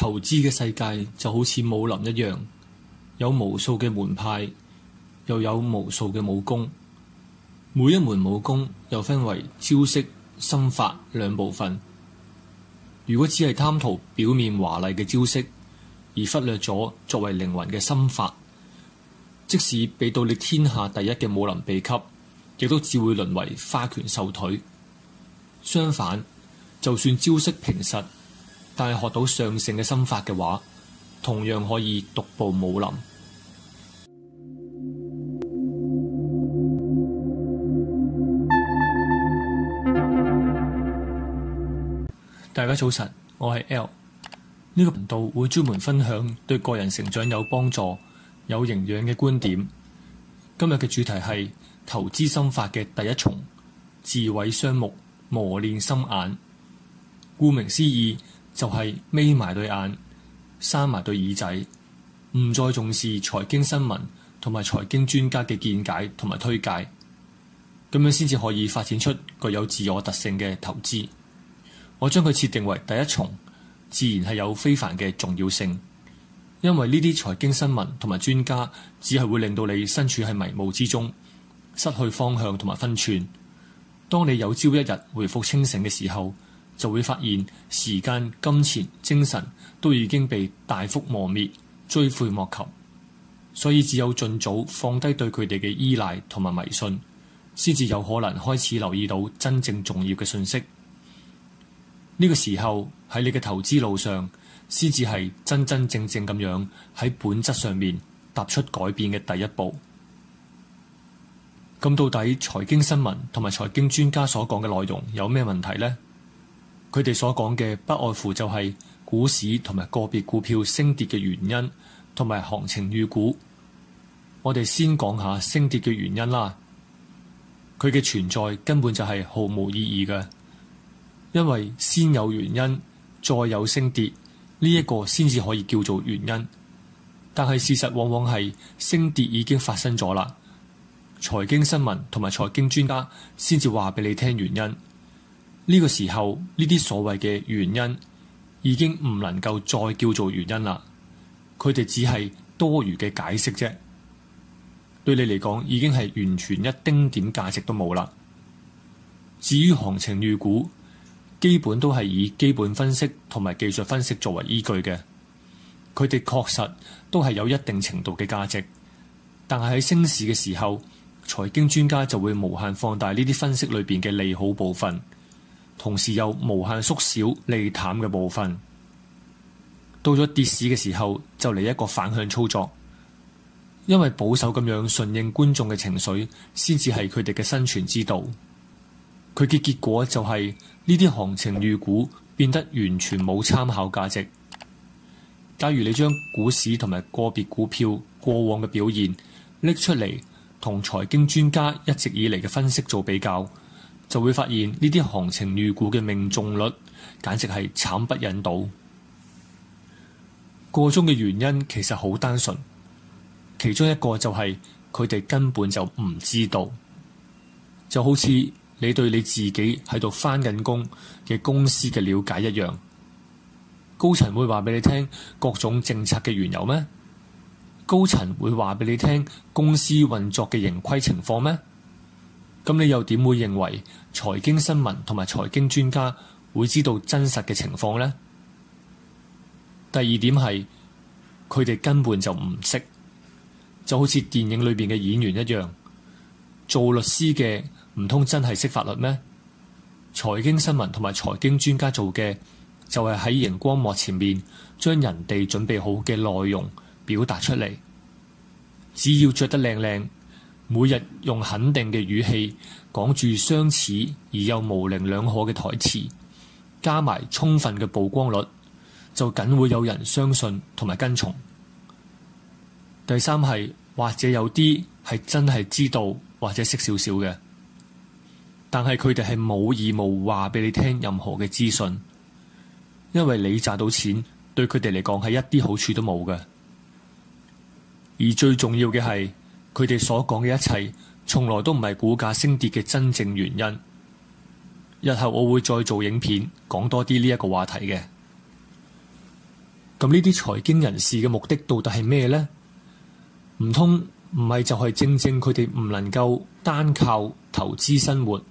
投資嘅世界就好似武林一樣，有無數嘅門派，又有無數嘅武功。每一門武功又分為招式、心法兩部分。如果只係貪圖表面華麗嘅招式，而忽略咗作為靈魂嘅心法，即使俾到你天下第一嘅武林秘笈，亦都只會淪為花拳繡腿。相反，就算招式平實，但係學到上乘嘅心法嘅話，同樣可以獨步武林。大家早晨，我係 L。呢、這個頻道會專門分享對個人成長有幫助、有營養嘅觀點。今日嘅主題係投資心法嘅第一重，自毀雙目，磨練心眼。顧名思義，就係眯埋對眼，閂埋對耳仔，唔再重視財經新聞同埋財經專家嘅見解同埋推介，咁樣先至可以發展出具有自我特性嘅投資。我將佢設定為第一重，自然係有非凡嘅重要性，因為呢啲財經新聞同埋專家只係會令到你身處喺迷霧之中，失去方向同埋分寸。當你有朝一日回復清醒嘅時候，就會發現時間、金錢、精神都已經被大幅磨滅，追悔莫及。所以只有盡早放低對佢哋嘅依賴同埋迷信，先至有可能開始留意到真正重要嘅信息。呢個時候喺你嘅投資路上，先至係真真正正咁樣喺本質上面踏出改變嘅第一步。咁到底財經新聞同埋財經專家所講嘅內容有咩問題呢？佢哋所講嘅不外乎就係股市同埋個別股票升跌嘅原因同埋行情預估。我哋先講下升跌嘅原因啦。佢嘅存在根本就係毫無意義嘅，因為先有原因，再有升跌，呢一個先至可以叫做原因。但係事實往往係升跌已經發生咗啦。財經新聞同埋財經專家先至話俾你聽原因。呢個時候，呢啲所謂嘅原因已經唔能夠再叫做原因啦。佢哋只係多餘嘅解釋啫。對你嚟講，已經係完全一丁點價值都冇啦。至於行情預估，基本都係以基本分析同埋技術分析作為依據嘅。佢哋確實都係有一定程度嘅價值，但係喺升市嘅時候，財經專家就會無限放大呢啲分析裏邊嘅利好部分。同時又無限縮小利淡嘅部分，到咗跌市嘅時候就嚟一個反向操作，因為保守咁樣順應觀眾嘅情緒，先至係佢哋嘅生存之道。佢嘅結果就係呢啲行情預估變得完全冇參考價值。假如你將股市同埋個別股票過往嘅表現拎出嚟，同財經專家一直以嚟嘅分析做比較。就會發現呢啲行情預估嘅命中率簡直係慘不忍睹。個中嘅原因其實好單純，其中一個就係佢哋根本就唔知道。就好似你對你自己喺度翻緊工嘅公司嘅了解一樣，高層會話俾你聽各種政策嘅緣由咩？高層會話俾你聽公司運作嘅盈虧情況咩？咁你又點會認為財經新聞同埋財經專家會知道真實嘅情況呢？第二點係佢哋根本就唔識，就好似電影裏邊嘅演員一樣。做律師嘅唔通真係識法律咩？財經新聞同埋財經專家做嘅就係喺熒光幕前面將人哋準備好嘅內容表達出嚟，只要着得靚靚。每日用肯定嘅語氣講住相似而又模棱兩可嘅台詞，加埋充分嘅曝光率，就梗會有人相信同埋跟從。第三係，或者有啲係真係知道或者識少少嘅，但係佢哋係冇義務話俾你聽任何嘅資訊，因為你賺到錢對佢哋嚟講係一啲好處都冇嘅。而最重要嘅係。佢哋所講嘅一切從來都唔係股價升跌嘅真正原因。日後我會再做影片講多啲呢一個話題嘅。咁呢啲財經人士嘅目的到底係咩呢？唔通唔係就係正正佢哋唔能夠單靠投資生活，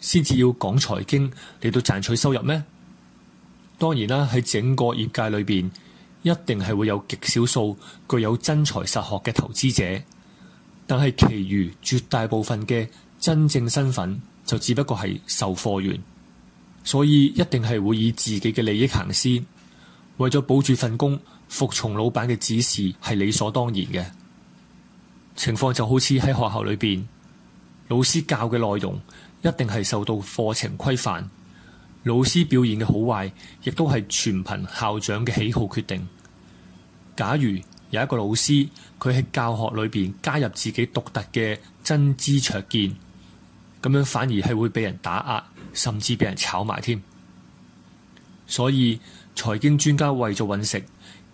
先至要講財經嚟到賺取收入咩？當然啦，喺整個業界裏邊一定係會有極少數具有真才實學嘅投資者。但係其餘絕大部分嘅真正身份就只不過係售貨員，所以一定係會以自己嘅利益行先，為咗保住份工，服從老闆嘅指示係理所當然嘅。情況就好似喺學校裏邊，老師教嘅內容一定係受到課程規範，老師表現嘅好壞亦都係全憑校長嘅喜好決定。假如有一個老師，佢喺教學裏邊加入自己獨特嘅真知灼見，咁樣反而係會俾人打壓，甚至俾人炒埋添。所以財經專家為咗揾食，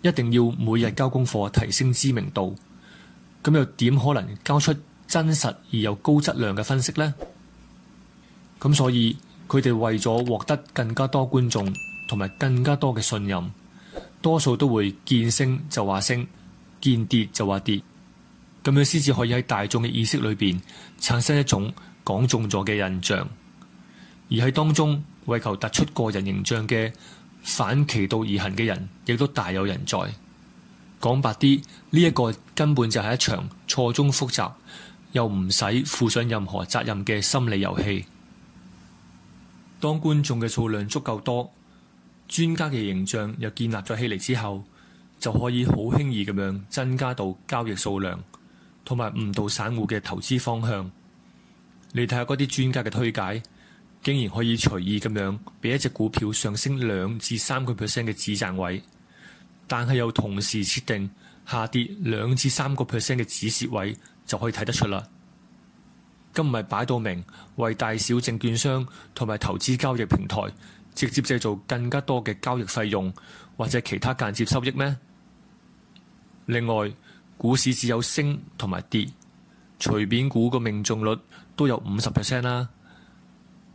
一定要每日交功課，提升知名度。咁又點可能交出真實而又高質量嘅分析呢？咁所以佢哋為咗獲得更加多觀眾同埋更加多嘅信任，多數都會見升就話升，見跌就話跌，咁樣先至可以喺大眾嘅意識裏邊產生一種講中咗嘅印象。而喺當中為求突出個人形象嘅反其道而行嘅人，亦都大有人在。講白啲，呢一個根本就係一場錯綜複雜又唔使負上任何責任嘅心理遊戲。當觀眾嘅數量足夠多，專家嘅形象又建立咗起嚟之後，就可以好輕易咁樣增加到交易數量，同埋誤導散戶嘅投資方向。你睇下嗰啲專家嘅推介，竟然可以隨意咁樣俾一隻股票上升兩至三個 percent 嘅止賺位，但係又同時設定下跌兩至三個 percent 嘅止蝕位，就可以睇得出啦。咁唔係擺到明為大小證券商同埋投資交易平台直接製造更加多嘅交易費用或者其他間接收益咩？另外，股市只有升同埋跌，隨便估個命中率都有五十 percent 啦。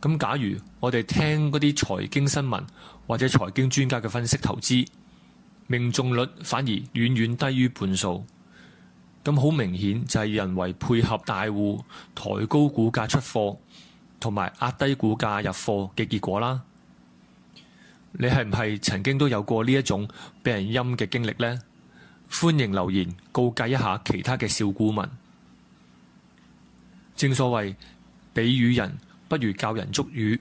咁假如我哋聽嗰啲財經新聞或者財經專家嘅分析投資，命中率反而遠遠低於半數。咁好明顯就係人為配合大戶抬高股價出貨，同埋壓低股價入貨嘅結果啦。你係唔係曾經都有過呢一種俾人陰嘅經歷呢？歡迎留言告誡一下其他嘅小股民。正所謂，俾魚人不如教人捉魚。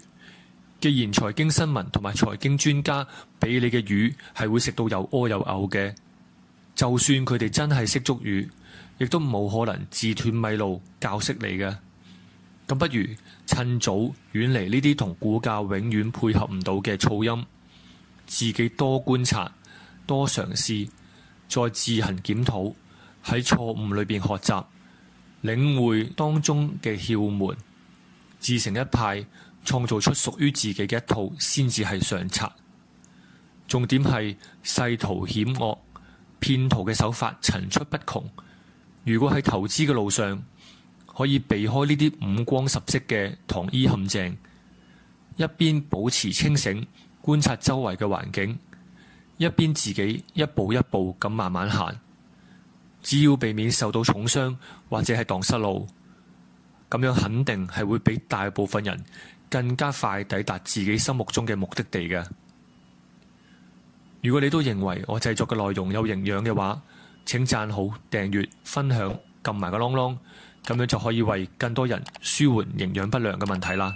既然財經新聞同埋財經專家俾你嘅魚係會食到又屙又嘔嘅，就算佢哋真係識捉魚，亦都冇可能自斷米路教識你嘅。咁不如趁早遠離呢啲同股價永遠配合唔到嘅噪音，自己多觀察，多嘗試。再自行檢討，喺錯誤裏邊學習，領會當中嘅竅門，自成一派，創造出屬於自己嘅一套，先至係上策。重點係世途險惡，騙徒嘅手法層出不窮。如果喺投資嘅路上可以避開呢啲五光十色嘅糖衣陷阱，一邊保持清醒，觀察周圍嘅環境。一邊自己一步一步咁慢慢行，只要避免受到重傷或者係蕩失路，咁樣肯定係會比大部分人更加快抵達自己心目中嘅目的地嘅。如果你都認為我製作嘅內容有營養嘅話，請讚好、訂閱、分享、撳埋個啷啷，咁樣就可以為更多人舒緩營養不良嘅問題啦。